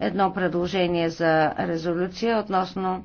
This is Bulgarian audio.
едно предложение за резолюция относно